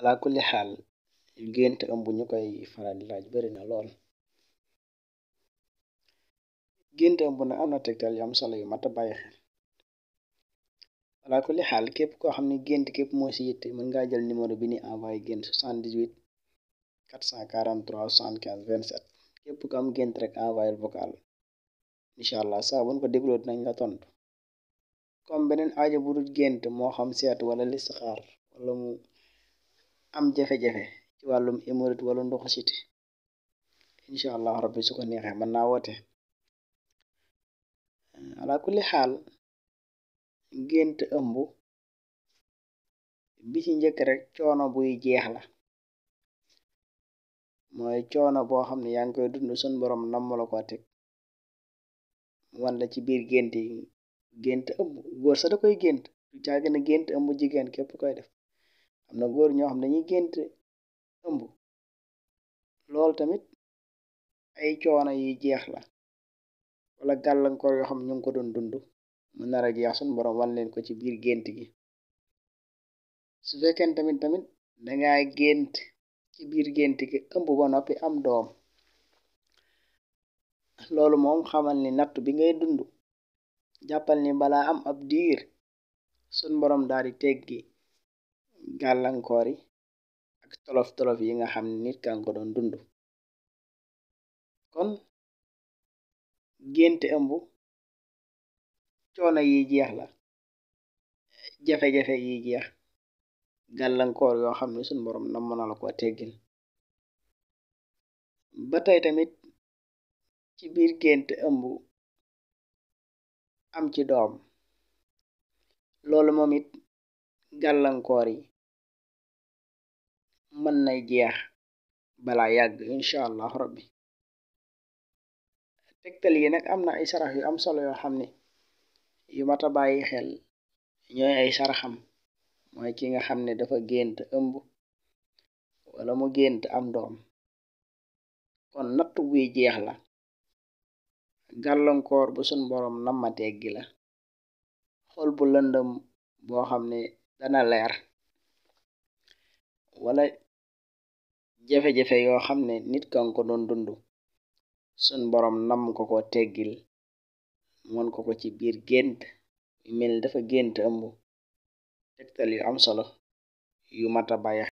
ala kulli xaal yu ngénte ëmb ñu koy faral di laaj bari na lool génte ëmb na am na tegtal yu am solo yu mata bàyyi xel ala kulli xaal képp ko xam ne gént képp moo si yitte mën nga jël numéro bi ni envoyé gént 78 443 75 27 képp ko am gént rek envoyé vocal incha allah saa buñ ko dégloo dinañ la tontu beneen aajo bu dul gént moo xam seet wala listixaar wala mu am jafe-jafe ci wàllum hémorroïde wala ndoxu siti incha allah rabbi su ko neexee mën naa woote ala kulli xaal gént ëmb bi ci njëkk rek coono buy jeex la mooy coono boo xam ne yaa ngi koy dund sun borom namm la teg wan ci biir gént yi gént ëmb góor sax da koy gént du caagin gént ëmb jigéen képp koy def na góor ñoo xam dañuy gént ëmb lool tamit ay coono yuy jeex la wala gàllankoor yoo xam ñu ngi ko doon dund mu nar a jeex suñ boroom wan leen ko ci biir gént gi su fekkeen tamit tamit danga gént ci biir gént gi ëmb ba noppi am doom loolu moom xamal ni nattu bi ngay dund jàppal ni bala am ab diir suñ boroom daal di teggi gàllankoor yi ak tolof-tolof yi nga xam nit kan ko doon dund kon génte ëmb coono yi jeex la jafe-jafe yi jeex gàllankoor yoo xam ne suñ boroom na mëna la ko teggil ba tey tamit ci biir génte ëmb am ci doom loolu moom gàllankoor yi mën na jeex bala yàgg incha allah rabbi tegtal yi nag am na ay sarax yu am solo yoo xam ne yu mata bàyyi xel ñooy ay saraxam mooy ki nga xam ne dafa gént ëmb wala mu gént am doom kon natt buy jeex la gàllankoor bu sun boroom namma teggi xol bu lëndëm boo xam ne dana leer wala jafe-jafe yoo xam ne nit kan ko doon dundu sun boroom nam ko ko teggil mën ko ko ci biir gént yu mel dafa gént ëmb tegtal yu am solo yu mata bàyyi